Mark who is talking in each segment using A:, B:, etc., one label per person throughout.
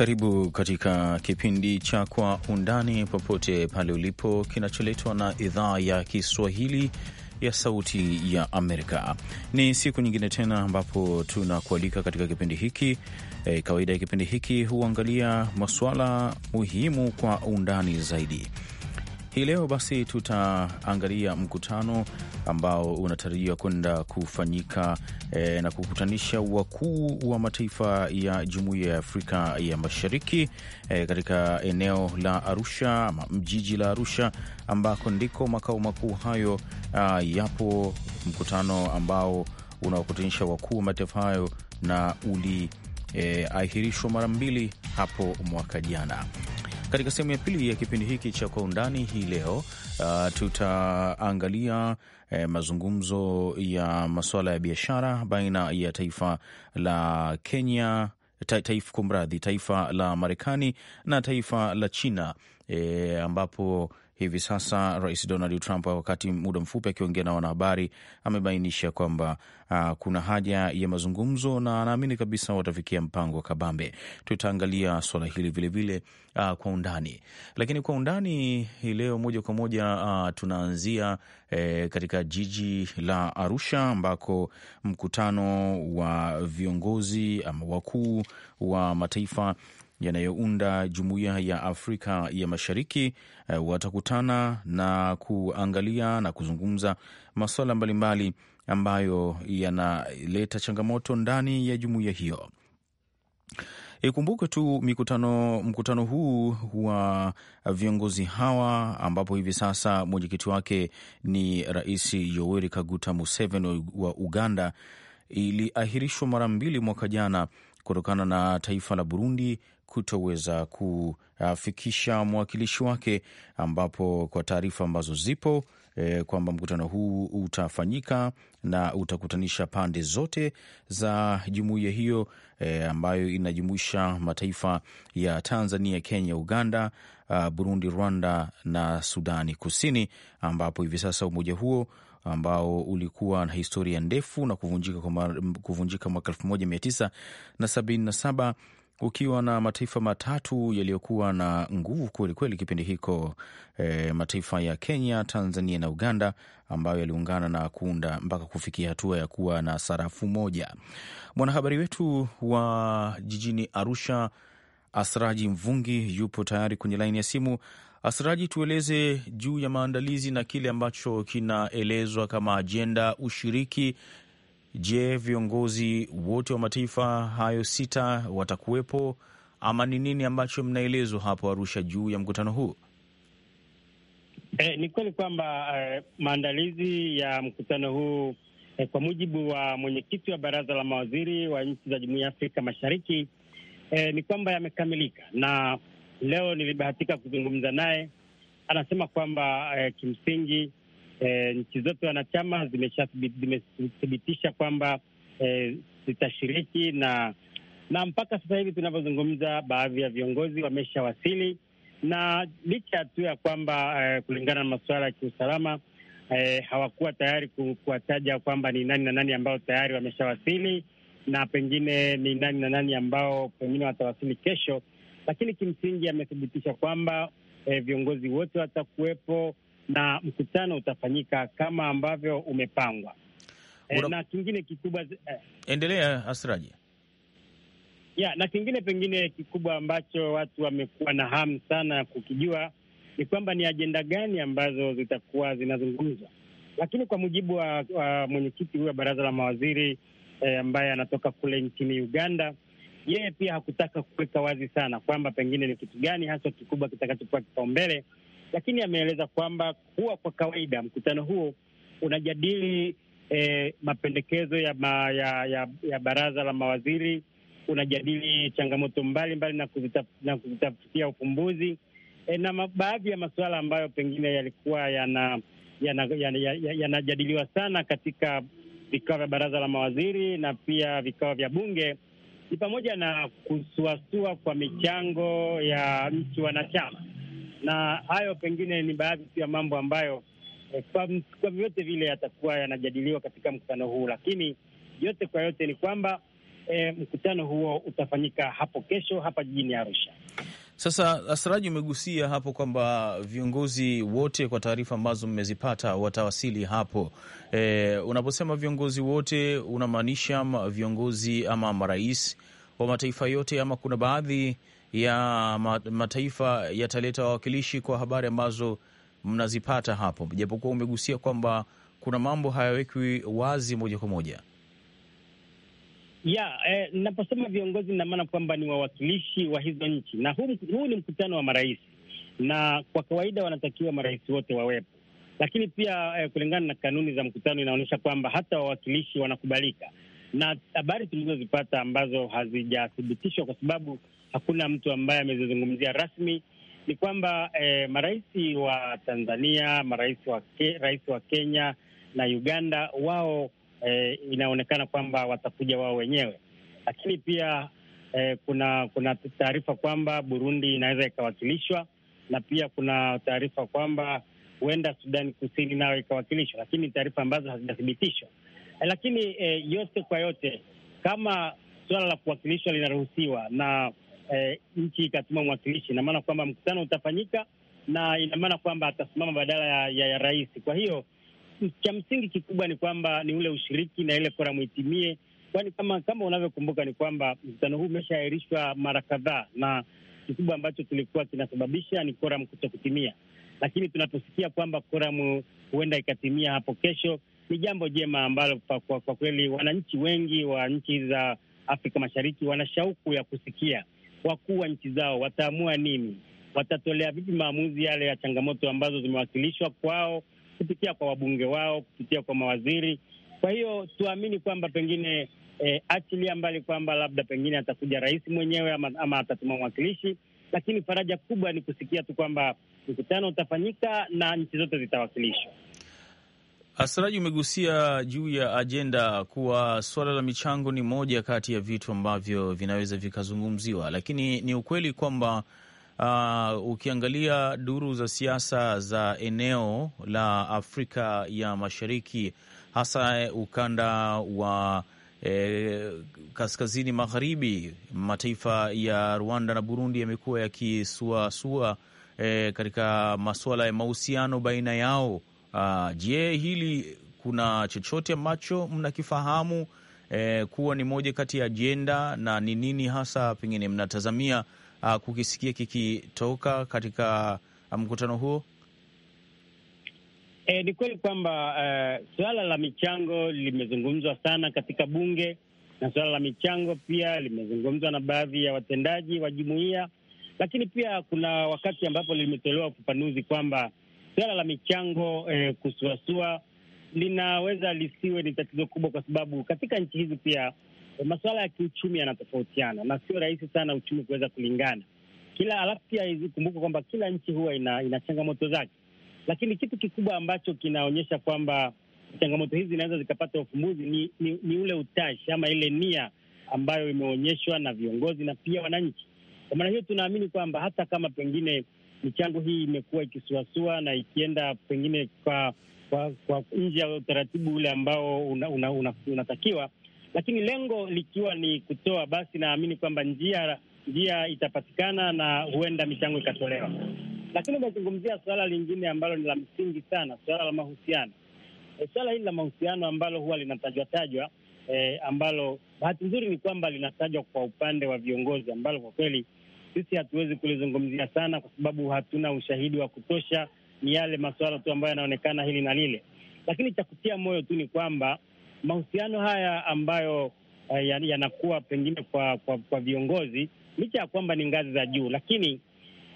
A: Karibu katika kipindi cha Kwa Undani popote pale ulipo, kinacholetwa na idhaa ya Kiswahili ya Sauti ya Amerika. Ni siku nyingine tena ambapo tunakualika katika kipindi hiki. E, kawaida ya kipindi hiki huangalia masuala muhimu kwa undani zaidi. Hii leo basi tutaangalia mkutano ambao unatarajiwa kwenda kufanyika e, na kukutanisha wakuu wa mataifa ya Jumuiya ya Afrika ya Mashariki e, katika eneo la Arusha ama mjiji la Arusha ambako ndiko makao makuu hayo a, ah, yapo, mkutano ambao unaokutanisha wakuu wa mataifa hayo na uliahirishwa eh, e, mara mbili hapo mwaka jana. Katika sehemu ya pili ya kipindi hiki cha Kwa Undani hii leo uh, tutaangalia eh, mazungumzo ya masuala ya biashara baina ya taifa la Kenya ta, taifa kumradhi, taifa la Marekani na taifa la China eh, ambapo hivi sasa Rais Donald Trump, wakati muda mfupi akiongea na wanahabari, amebainisha kwamba uh, kuna haja ya mazungumzo na anaamini kabisa watafikia mpango wa kabambe. Tutaangalia swala hili vilevile uh, kwa undani, lakini kwa undani hii leo moja kwa moja uh, tunaanzia eh, katika jiji la Arusha ambako mkutano wa viongozi ama wakuu wa mataifa yanayounda Jumuiya ya Afrika ya Mashariki uh, watakutana na kuangalia na kuzungumza masuala mbalimbali ambayo yanaleta changamoto ndani ya jumuiya hiyo. Ikumbuke tu mikutano, mkutano huu wa viongozi hawa ambapo hivi sasa mwenyekiti wake ni Rais Yoweri Kaguta Museveni wa Uganda iliahirishwa mara mbili mwaka jana kutokana na taifa la Burundi kutoweza kufikisha mwakilishi wake, ambapo kwa taarifa ambazo zipo e, kwamba mkutano huu utafanyika na utakutanisha pande zote za jumuiya hiyo e, ambayo inajumuisha mataifa ya Tanzania, Kenya, Uganda, a, ah, Burundi, Rwanda na Sudani Kusini, ambapo hivi sasa umoja huo ambao ulikuwa na historia ndefu na kuvunjika mwaka 1977 ukiwa na mataifa matatu yaliyokuwa na nguvu kwelikweli kipindi hiko, e, mataifa ya Kenya, Tanzania na Uganda ambayo yaliungana na kuunda mpaka kufikia hatua ya kuwa na sarafu moja. Mwanahabari wetu wa jijini Arusha, Asraji Mvungi, yupo tayari kwenye laini ya simu. Asraji, tueleze juu ya maandalizi na kile ambacho kinaelezwa kama ajenda, ushiriki Je, viongozi wote wa mataifa hayo sita watakuwepo ama ni nini ambacho mnaelezwa hapo Arusha juu ya mkutano huu?
B: Eh, ni kweli kwamba eh, maandalizi ya mkutano huu eh, kwa mujibu wa mwenyekiti wa baraza la mawaziri wa nchi za Jumuiya ya Afrika Mashariki eh, ni kwamba yamekamilika, na leo nilibahatika kuzungumza naye. Anasema kwamba eh, kimsingi e, nchi zote wanachama zimethibitisha kwamba e, zitashiriki na na mpaka sasa hivi tunavyozungumza, baadhi ya viongozi wameshawasili, na licha ya tu ya kwamba e, kulingana na masuala ya kiusalama e, hawakuwa tayari kuwataja kwamba ni nani na nani ambao tayari wameshawasili na pengine ni nani na nani ambao pengine watawasili kesho, lakini kimsingi amethibitisha kwamba e, viongozi wote watakuwepo na mkutano utafanyika kama ambavyo umepangwa. Eh, Ura... na kingine kikubwa eh... endelea Asraji. Ya, na kingine pengine kikubwa ambacho watu wamekuwa na hamu sana ya kukijua ni kwamba ni ajenda gani ambazo zitakuwa zinazungumzwa, lakini kwa mujibu wa, wa mwenyekiti huyu wa baraza la mawaziri eh, ambaye anatoka kule nchini Uganda, yeye pia hakutaka kuweka wazi sana kwamba pengine ni kitu gani haswa kikubwa kitakachokuwa kipaumbele kita lakini ameeleza kwamba kuwa kwa kawaida mkutano huo unajadili eh, mapendekezo ya, ma, ya, ya, ya baraza la mawaziri, unajadili changamoto mbalimbali mbali na kuzitafutia ufumbuzi eh, na baadhi ya masuala ambayo pengine yalikuwa yanajadiliwa yana, yana, yana, yana sana katika vikao vya baraza la mawaziri na pia vikao vya bunge ni pamoja na kusuasua kwa michango ya nchi wanachama na hayo pengine ni baadhi tu ya mambo ambayo eh, kwa vyote vile yatakuwa yanajadiliwa katika mkutano huu, lakini yote kwa yote ni kwamba eh, mkutano huo utafanyika hapo kesho hapa jijini Arusha.
A: Sasa Asraji, umegusia hapo kwamba viongozi wote kwa taarifa ambazo mmezipata watawasili hapo. E, unaposema viongozi wote unamaanisha viongozi ama marais wa mataifa yote ama kuna baadhi ya mataifa yataleta wawakilishi kwa habari ambazo mnazipata hapo, japokuwa umegusia kwamba kuna mambo hayawekwi wazi moja kwa moja.
B: Yeah, eh, naposema viongozi inamaana maana kwamba ni wawakilishi wa hizo nchi, na huu, huu ni mkutano wa marais, na kwa kawaida wanatakiwa marais wote wawepo, lakini pia eh, kulingana na kanuni za mkutano inaonyesha kwamba hata wawakilishi wanakubalika, na habari tulizozipata ambazo hazijathibitishwa kwa sababu hakuna mtu ambaye amezizungumzia rasmi. Ni kwamba eh, marais wa Tanzania, marais wa ke, rais wa Kenya na Uganda wao eh, inaonekana kwamba watakuja wao wenyewe, lakini pia eh, kuna kuna taarifa kwamba Burundi inaweza ikawakilishwa na pia kuna taarifa kwamba huenda Sudani Kusini nayo ikawakilishwa, lakini taarifa ambazo hazijathibitishwa. Eh, lakini eh, yote kwa yote, kama suala la kuwakilishwa linaruhusiwa na eh, nchi ikatuma mwakilishi, ina maana kwamba mkutano utafanyika na ina maana kwamba atasimama badala ya, ya, ya rais. Kwa hiyo cha msingi kikubwa ni kwamba ni ule ushiriki na ile forum itimie, kwani kama kama unavyokumbuka ni kwamba mkutano huu umeshaahirishwa mara kadhaa, na kikubwa ambacho kilikuwa kinasababisha ni forum kutimia lakini tunaposikia kwamba forum huenda ikatimia hapo kesho ni jambo jema ambalo kwa, kwa, kwa kweli wananchi wengi wa nchi za Afrika Mashariki wana shauku ya kusikia wakuu wa nchi zao wataamua nini, watatolea vipi maamuzi yale ya changamoto ambazo zimewakilishwa kwao kupitia kwa wabunge wao, kupitia kwa mawaziri. Kwa hiyo tuamini kwamba pengine eh, achilia mbali kwamba labda pengine atakuja rais mwenyewe ama, ama atatuma mwakilishi, lakini faraja kubwa ni kusikia tu kwamba mkutano utafanyika na nchi zote zitawakilishwa.
A: Asiraji, umegusia juu ya ajenda kuwa suala la michango ni moja kati ya vitu ambavyo vinaweza vikazungumziwa, lakini ni ukweli kwamba uh, ukiangalia duru za siasa za eneo la Afrika ya Mashariki, hasa eh, ukanda wa eh, kaskazini magharibi, mataifa ya Rwanda na Burundi yamekuwa yakisuasua eh, katika masuala ya mahusiano baina yao Uh, je, hili kuna chochote ambacho mnakifahamu eh, kuwa ni moja kati ya ajenda na ni nini hasa pengine mnatazamia uh, kukisikia kikitoka katika ah, mkutano huo?
B: E, ni kweli kwamba uh, suala la michango limezungumzwa sana katika bunge na suala la michango pia limezungumzwa na baadhi ya watendaji wa jumuiya, lakini pia kuna wakati ambapo limetolewa ufafanuzi kwamba suala la michango eh, kusuasua linaweza lisiwe ni tatizo kubwa, kwa sababu katika nchi hizi pia eh, masuala ya kiuchumi yanatofautiana na sio rahisi sana uchumi kuweza kulingana kila. Alafu pia ikumbuke kwamba kila nchi huwa ina, ina changamoto zake, lakini kitu kikubwa ambacho kinaonyesha kwamba changamoto hizi zinaweza zikapata ufumbuzi ni, ni, ni ule utashi ama ile nia ambayo imeonyeshwa na viongozi na pia wananchi. Kwa maana hiyo tunaamini kwamba hata kama pengine michango hii imekuwa ikisuasua na ikienda pengine kwa kwa, kwa nje ya utaratibu ule ambao unatakiwa una, una, una, lakini lengo likiwa ni kutoa, basi naamini kwamba njia njia itapatikana na huenda michango ikatolewa. Lakini umezungumzia suala lingine ambalo ni la msingi sana, suala la mahusiano. E, suala hili la mahusiano ambalo huwa linatajwa tajwa, e, ambalo bahati nzuri ni kwamba linatajwa kwa upande wa viongozi, ambalo kwa kweli sisi hatuwezi kulizungumzia sana, kwa sababu hatuna ushahidi wa kutosha. Ni yale masuala tu ambayo yanaonekana hili na lile, lakini cha kutia moyo tu ni kwamba mahusiano haya ambayo uh, yanakuwa pengine kwa, kwa, kwa viongozi licha ya kwamba ni ngazi za juu, lakini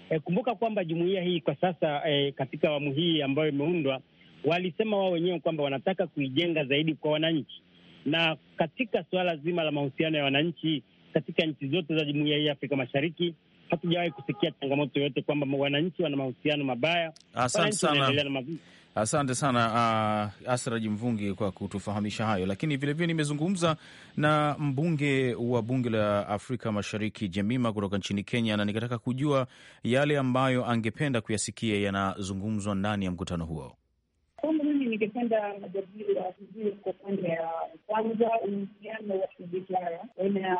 B: eh, kumbuka kwamba jumuiya hii kwa sasa eh, katika awamu hii ambayo imeundwa, walisema wao wenyewe kwamba wanataka kuijenga zaidi kwa wananchi, na katika suala zima la mahusiano ya wananchi katika nchi zote za jumuiya hii ya Afrika Mashariki hatujawahi kusikia changamoto yoyote kwamba wananchi wana mahusiano mabaya. Asante sana,
A: asante sana uh, Asraji Mvungi kwa kutufahamisha hayo. Lakini vilevile nimezungumza na mbunge wa bunge la Afrika Mashariki Jemima kutoka nchini Kenya, na nikataka kujua yale ambayo angependa kuyasikia yanazungumzwa ndani ya mkutano huo
C: ningependa majadili ya vizuri kwa upande ya kwanza, uhusiano wa kibiashara baina ya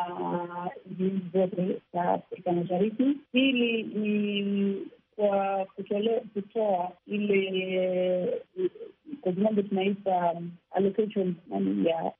C: nchi zote za Afrika Mashariki. Pili ni kwa kutoa ile kwa kimombo tunaita um, allocation ya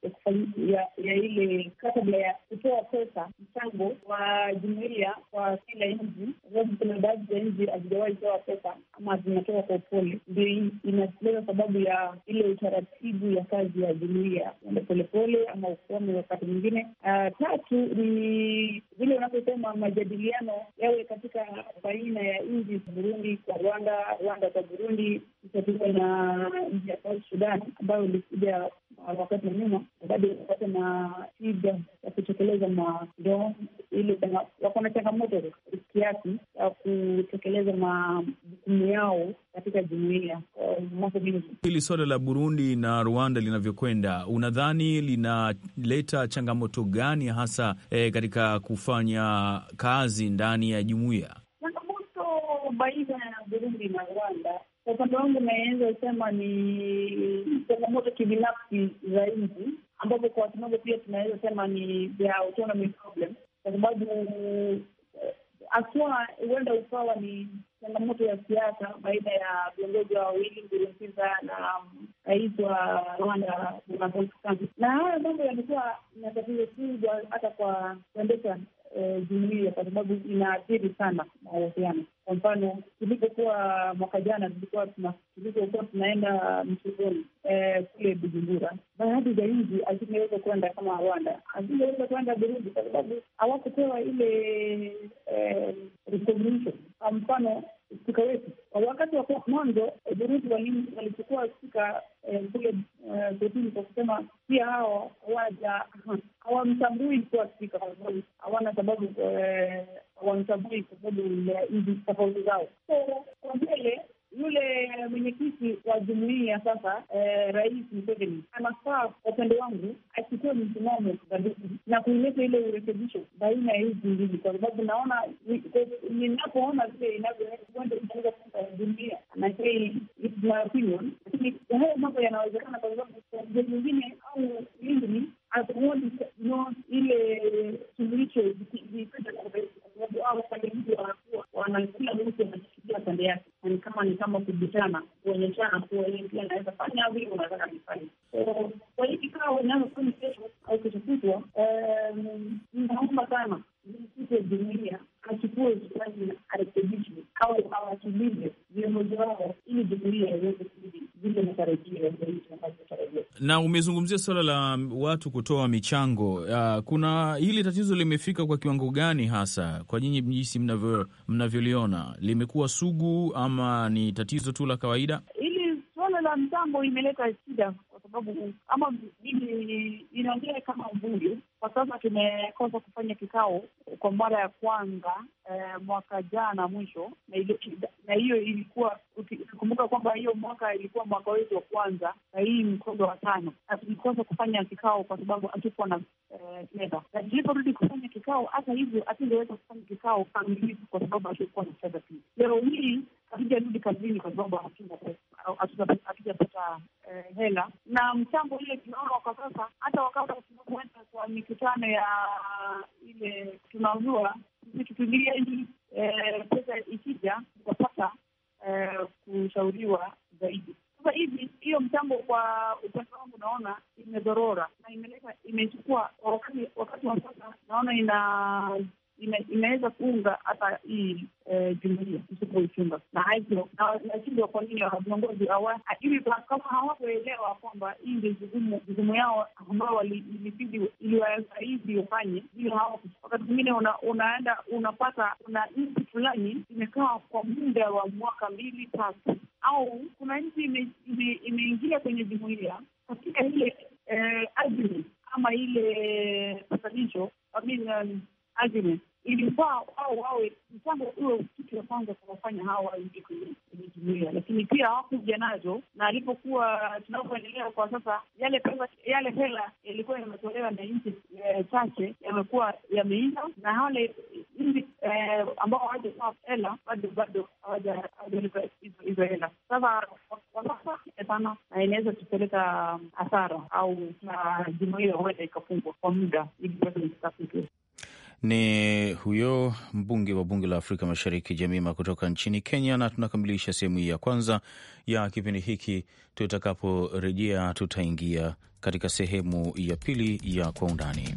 C: ya ya ile kabla ya kutoa pesa mchango wa jumuia kwa kila nji sababu kuna baadhi ya nji hazijawahi toa pesa ama zinatoka kwa upole. Ndio inaleza sababu ya ile utaratibu ya kazi ya jumuia ende polepole ama ukome wakati mwingine. Ah, tatu ni vile unavyosema majadiliano yawe katika baina ya za Burundi kwa Rwanda, Rwanda kwa Burundi, itatiwa na nchi ya South Sudan ambayo ilikuja wakati wa nyuma, bado wako na shida ya kutekeleza mandoo ili wako na changamoto kiasi ya kutekeleza majukumu yao katika jumuia eh, mambo mengi.
A: Hili suala la Burundi na Rwanda linavyokwenda, unadhani linaleta changamoto gani hasa eh, katika kufanya kazi ndani ya jumuia?
C: Changamoto baina ya Burundi na Rwanda kwa upande wangu naweza sema ni changamoto kibinafsi zaidi, ambapo kwa kimombo pia tunaweza sema ni the autonomy problem, kwa sababu eh, haswa huenda ukawa ni changamoto ya siasa baina ya viongozi wa wawili Nkurunziza na rais wa Rwanda Paul Kagame, na haya mambo yamekuwa na tatizo kubwa hata kwa kuendesha Eh, jumuia, kwa sababu inaathiri sana mahusiano. Kwa mfano, tulipokuwa mwaka jana, tulipokuwa tunaenda msugoni eh, kule Bujumbura, baadhi za nchi hazingeweza kwenda kama Rwanda, hazingeweza kwenda Burundi kwa sababu hawakupewa ile eh, recognition. Kwa mfano spika wetu kwa wakati wa mwanzo, Burundi walichukua spika kule kotini kwa kusema pia hao waja hawamtambui kuwa spika kwa hawana sababu eh, wamchagui kwa sababu ya hizi tofauti zao. So kwa mbele yule mwenyekiti wa jumuia sasa, eh, Rais Museveni anafaa, kwa upande wangu, achukue msimamo thabiti na kuonyesha ile urekebisho baina ya hizi mbili, kwa sababu naona, ninapoona vile inavyoenda jumuia, na my opinion, lakini hayo mambo yanawezekana kwa sababu na kila mtu anashikilia pande yake, ni kama ni kama kubishana, kuonyeshana kuwa yeye pia anaweza fanya au hivi unataka nifanye. Kwa hiyo kikao inazofanya
A: na umezungumzia suala la watu kutoa michango. Uh, kuna hili tatizo limefika kwa kiwango gani hasa kwa nyinyi jinsi mnavyoliona, limekuwa sugu ama ni tatizo tu la kawaida?
C: Hili suala la mchango imeleta shida kwa sababu ama mimi ninaongea kama mvuvi kwa sasa tumekosa kufanya kikao kwa mara ya kwanza eh, mwaka jana mwisho, na hiyo ilikuwa ukikumbuka kwamba hiyo mwaka ilikuwa mwaka wetu wa kwanza, na hii mkondo wa tano, na tulikosa kufanya kikao kwa sababu hatukuwa na eh, fedha, na tuliporudi kufanya kikao, hata hivyo hatungeweza kufanya kikao kamilifu kwa sababu hatukuwa na fedha. Pia leo hii hatujarudi kazini kwa sababu hatujapata eh, hela na mchango ile tunaona kwa sasa, hata wakati kwa mikutano ya ile tunauzua tutulieni, eh, pesa ikija tutapata eh, kushauriwa zaidi. Sasa hivi hiyo mchango kwa upande wangu naona imedhorora na imeleta imechukua wakati wakati wa sasa, naona ina inaweza kuunga hata hii Eh, jumuia kusuka uchumba nashindwa. Kwa nini viongozi hajui? Kama hawakuelewa kwamba hii ndio jukumu yao ambao iliwasaidi wafanye vile, wakati mwingine unaenda unapata kuna nchi fulani imekaa kwa muda wa mwaka mbili tatu, au kuna nchi imeingia kwenye jumuia katika ile eh, ajili ama ile eh, patanisho um, azmi ilikuwa wao wawe mpango uwe kitu ya kwanza kuwafanya hawa waingie kwenye jumuia, lakini pia hawakuja nazo, na alipokuwa tunapoendelea kwa sasa, yale pesa yale hela yalikuwa yametolewa na nchi eh, chache yamekuwa yameisha, na wale nchi eh, ambao hawajatoa hela bado bado hawajalipa hizo hela. Sasa kwa sasa eh, sana, na inaweza tupeleka um, hasara au na uh, jumuia huenda ikafungwa kwa muda ili bado itafike
A: ni huyo mbunge wa bunge la Afrika Mashariki Jamima kutoka nchini Kenya. Na tunakamilisha sehemu hii ya kwanza ya kipindi hiki. Tutakaporejea tutaingia katika sehemu ya pili ya Kwa Undani.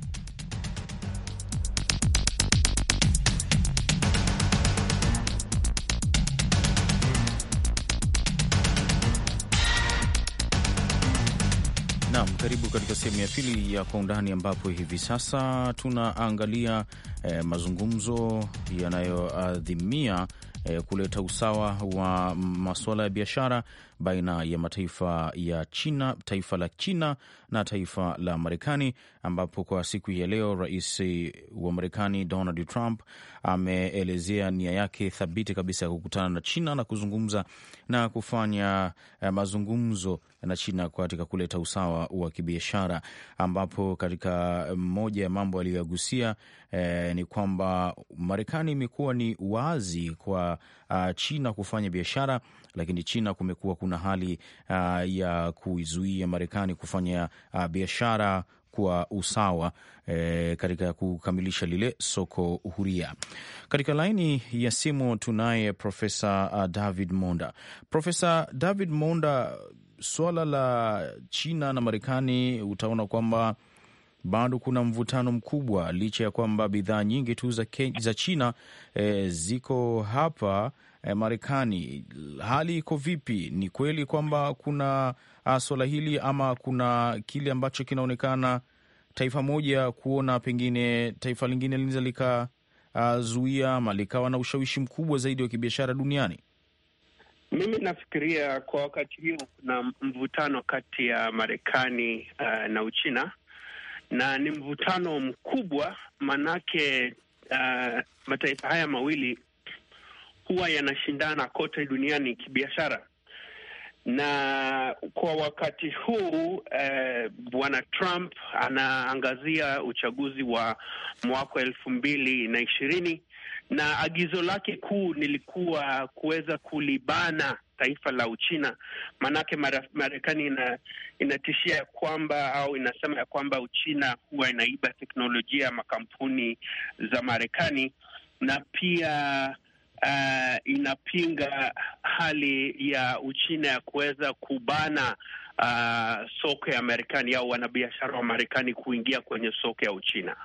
A: Karibu katika sehemu ya pili ya Kwa Undani, ambapo hivi sasa tunaangalia e, mazungumzo yanayoadhimia e, kuleta usawa wa masuala ya biashara baina ya mataifa ya China, taifa la China na taifa la Marekani, ambapo kwa siku ya leo rais wa Marekani Donald Trump ameelezea nia yake thabiti kabisa ya kukutana na China na kuzungumza na kufanya eh, mazungumzo na China katika kuleta usawa wa kibiashara, ambapo katika moja ya mambo aliyoyagusia eh, ni kwamba Marekani imekuwa ni wazi kwa uh, China kufanya biashara, lakini China kumekuwa kuna hali uh, ya kuizuia Marekani kufanya uh, biashara kwa usawa e, katika kukamilisha lile soko huria. Katika laini ya simu tunaye Profesa uh, David Monda. Profesa David Monda, suala la China na Marekani utaona kwamba bado kuna mvutano mkubwa, licha ya kwamba bidhaa nyingi tu za, za China e, ziko hapa e, Marekani. Hali iko vipi? Ni kweli kwamba kuna ah, swala hili ama kuna kile ambacho kinaonekana taifa moja kuona pengine taifa lingine linaweza likazuia ah, ama likawa na ushawishi mkubwa zaidi wa kibiashara duniani?
D: Mimi nafikiria kwa wakati huu kuna mvutano kati ya Marekani uh, na Uchina na ni mvutano mkubwa, manake uh, mataifa haya mawili huwa yanashindana kote duniani kibiashara, na kwa wakati huu uh, bwana Trump anaangazia uchaguzi wa mwaka elfu mbili na ishirini na agizo lake kuu nilikuwa kuweza kulibana taifa la Uchina, maanake Marekani inatishia ya kwamba au inasema ya kwamba Uchina huwa inaiba teknolojia ya makampuni za Marekani na pia uh, inapinga hali ya Uchina ya kuweza kubana uh, soko ya Marekani au wanabiashara wa Marekani kuingia kwenye soko ya Uchina.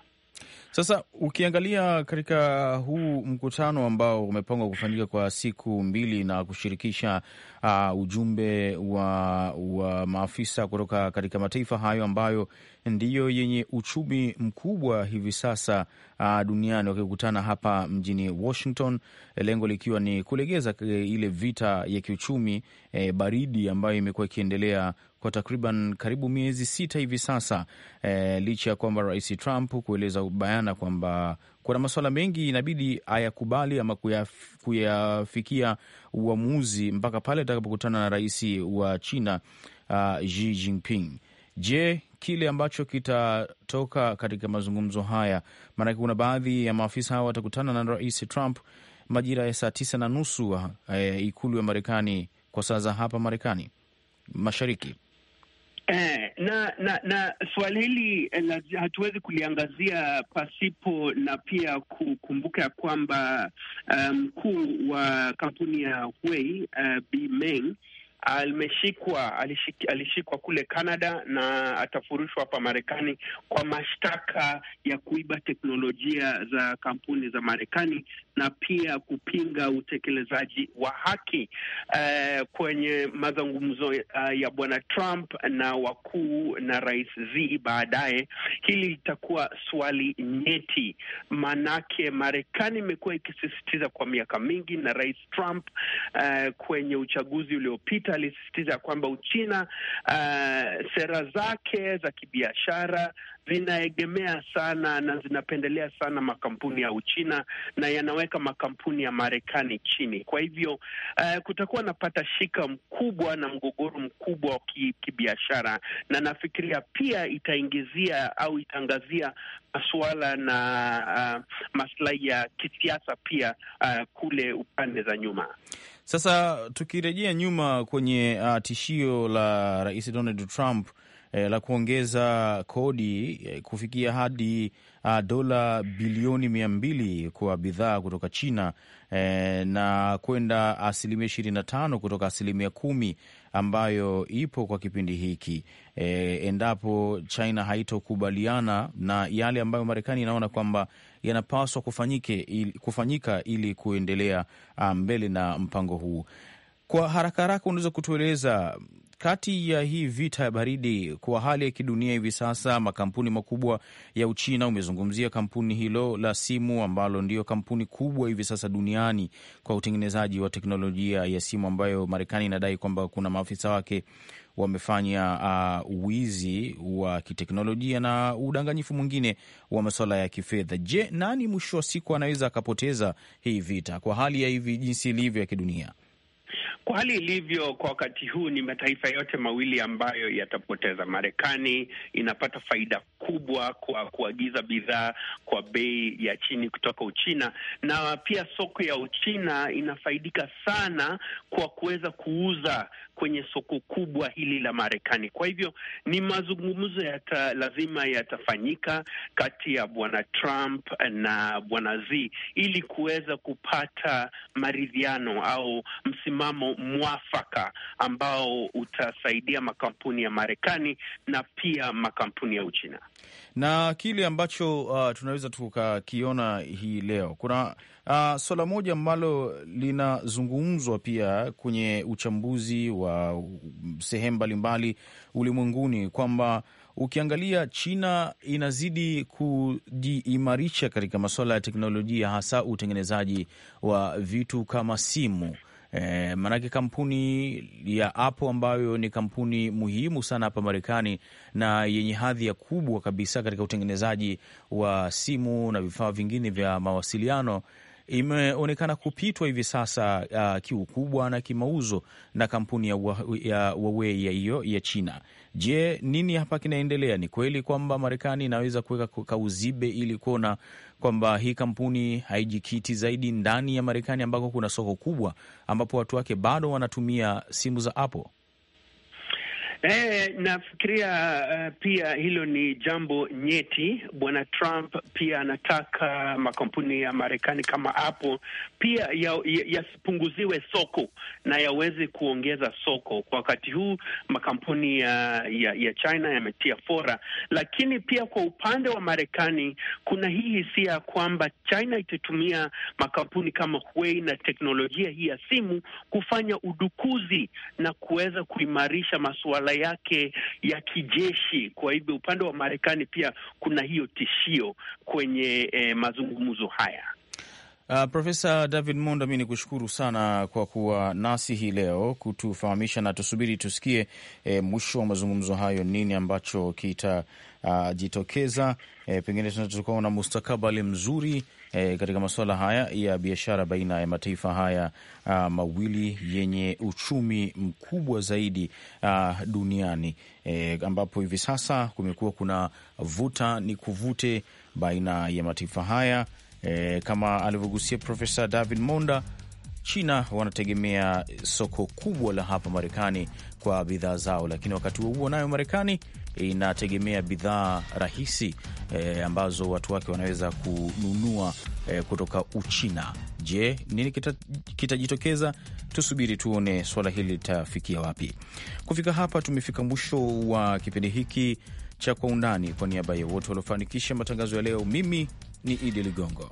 A: Sasa ukiangalia katika huu mkutano ambao umepangwa kufanyika kwa siku mbili na kushirikisha uh, ujumbe wa, wa maafisa kutoka katika mataifa hayo ambayo ndiyo yenye uchumi mkubwa hivi sasa uh, duniani wakikutana hapa mjini Washington, lengo likiwa ni kulegeza eh, ile vita ya kiuchumi eh, baridi ambayo imekuwa ikiendelea kwa takriban karibu miezi sita hivi sasa e, licha ya kwamba Rais Trump kueleza bayana kwamba kuna masuala mengi inabidi ayakubali ama kuyafikia uamuzi mpaka pale atakapokutana na rais wa China uh, Xi Jinping. Je, kile ambacho kitatoka katika mazungumzo haya? Maanake kuna baadhi ya maafisa hawa watakutana na rais Trump majira ya saa tisa na nusu uh, ikulu ya Marekani kwa saa za hapa Marekani mashariki.
D: Eh, na na na swali hili eh, hatuwezi kuliangazia pasipo na pia kukumbuka ya kwamba eh, mkuu um, wa kampuni ya Huawei uh, Bi Meng ameshikwa alishik, alishikwa kule Canada na atafurushwa hapa Marekani kwa mashtaka ya kuiba teknolojia za kampuni za Marekani na pia kupinga utekelezaji wa haki uh, kwenye mazungumzo uh, ya bwana Trump na wakuu na rais Xi baadaye. Hili litakuwa swali nyeti, maanake Marekani imekuwa ikisisitiza kwa miaka mingi, na rais Trump uh, kwenye uchaguzi uliopita alisisitiza kwamba Uchina uh, sera zake za kibiashara zinaegemea sana na zinapendelea sana makampuni ya Uchina na yanaweka makampuni ya Marekani chini. Kwa hivyo uh, kutakuwa na patashika mkubwa na mgogoro mkubwa wa kibiashara, na nafikiria pia itaingizia au itaangazia masuala na uh, maslahi ya kisiasa pia uh, kule upande za nyuma.
A: Sasa tukirejea nyuma kwenye uh, tishio la Rais Donald Trump eh, la kuongeza kodi eh, kufikia hadi uh, dola bilioni mia mbili kwa bidhaa kutoka China eh, na kwenda asilimia ishirini na tano kutoka asilimia kumi ambayo ipo kwa kipindi hiki e, endapo China haitokubaliana na yale ambayo Marekani inaona kwamba yanapaswa kufanyike, ili, kufanyika ili kuendelea ah, mbele na mpango huu. Kwa haraka haraka, unaweza kutueleza kati ya hii vita ya baridi kwa hali ya kidunia hivi sasa, makampuni makubwa ya Uchina, umezungumzia kampuni hilo la simu ambalo ndiyo kampuni kubwa hivi sasa duniani kwa utengenezaji wa teknolojia ya simu, ambayo Marekani inadai kwamba kuna maafisa wake wamefanya uh, wizi wa kiteknolojia na udanganyifu mwingine wa masuala ya kifedha. Je, nani mwisho wa siku anaweza akapoteza hii vita kwa hali ya hivi jinsi ilivyo ya kidunia?
D: Kwa hali ilivyo kwa wakati huu, ni mataifa yote mawili ambayo yatapoteza. Marekani inapata faida kubwa kwa kuagiza bidhaa kwa bei ya chini kutoka Uchina, na pia soko ya Uchina inafaidika sana kwa kuweza kuuza kwenye soko kubwa hili la Marekani. Kwa hivyo ni mazungumzo yata, lazima yatafanyika kati ya bwana Trump na bwana Xi ili kuweza kupata maridhiano au msimamo mwafaka ambao utasaidia makampuni ya Marekani na pia makampuni ya Uchina
A: na kile ambacho uh, tunaweza tukakiona hii leo kuna uh, swala moja ambalo linazungumzwa pia kwenye uchambuzi wa sehemu mbalimbali ulimwenguni kwamba ukiangalia China inazidi kujiimarisha katika masuala ya teknolojia, hasa utengenezaji wa vitu kama simu E, eh, maanake kampuni ya Apple ambayo ni kampuni muhimu sana hapa Marekani na yenye hadhi ya kubwa kabisa katika utengenezaji wa simu na vifaa vingine vya mawasiliano imeonekana kupitwa hivi sasa uh, kiukubwa na kimauzo na kampuni ya Huawei ya hiyo ya, ya China. Je, nini hapa kinaendelea? Ni kweli kwamba Marekani inaweza kuweka kauzibe ili kuona kwamba hii kampuni haijikiti zaidi ndani ya Marekani ambako kuna soko kubwa ambapo watu wake bado wanatumia simu za Apple?
D: Eh, nafikiria uh, pia hilo ni jambo nyeti. Bwana Trump pia anataka makampuni ya Marekani kama Apple pia yasipunguziwe ya, ya soko na yaweze kuongeza soko. Kwa wakati huu makampuni ya, ya, ya China yametia fora, lakini pia kwa upande wa Marekani kuna hii hisia ya kwamba China itatumia makampuni kama Huawei na teknolojia hii ya simu kufanya udukuzi na kuweza kuimarisha masuala masuala yake ya kijeshi. Kwa hivyo upande wa Marekani pia kuna hiyo tishio kwenye eh, mazungumzo haya.
A: Uh, Profesa David Monda, mi ni kushukuru sana kwa kuwa nasi hii leo kutufahamisha, na tusubiri tusikie eh, mwisho wa mazungumzo hayo nini ambacho kitajitokeza. Uh, eh, pengine tunaweza tukaona mustakabali mzuri e, katika masuala haya ya biashara baina ya mataifa haya a, mawili yenye uchumi mkubwa zaidi a, duniani e, ambapo hivi sasa kumekuwa kuna vuta ni kuvute baina ya mataifa haya e, kama alivyogusia Profesa David Monda. China wanategemea soko kubwa la hapa Marekani kwa bidhaa zao, lakini wakati huo huo nayo Marekani inategemea bidhaa rahisi e, ambazo watu wake wanaweza kununua e, kutoka Uchina. Je, nini kitajitokeza? kita tusubiri tuone swala hili litafikia wapi. Kufika hapa, tumefika mwisho wa kipindi hiki cha Kwa Undani. Kwa niaba ya wote waliofanikisha matangazo ya leo, mimi ni Idi Ligongo.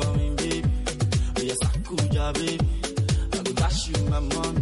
E: coming, baby. Oh, yes, I could, yeah, baby. I could dash you my money.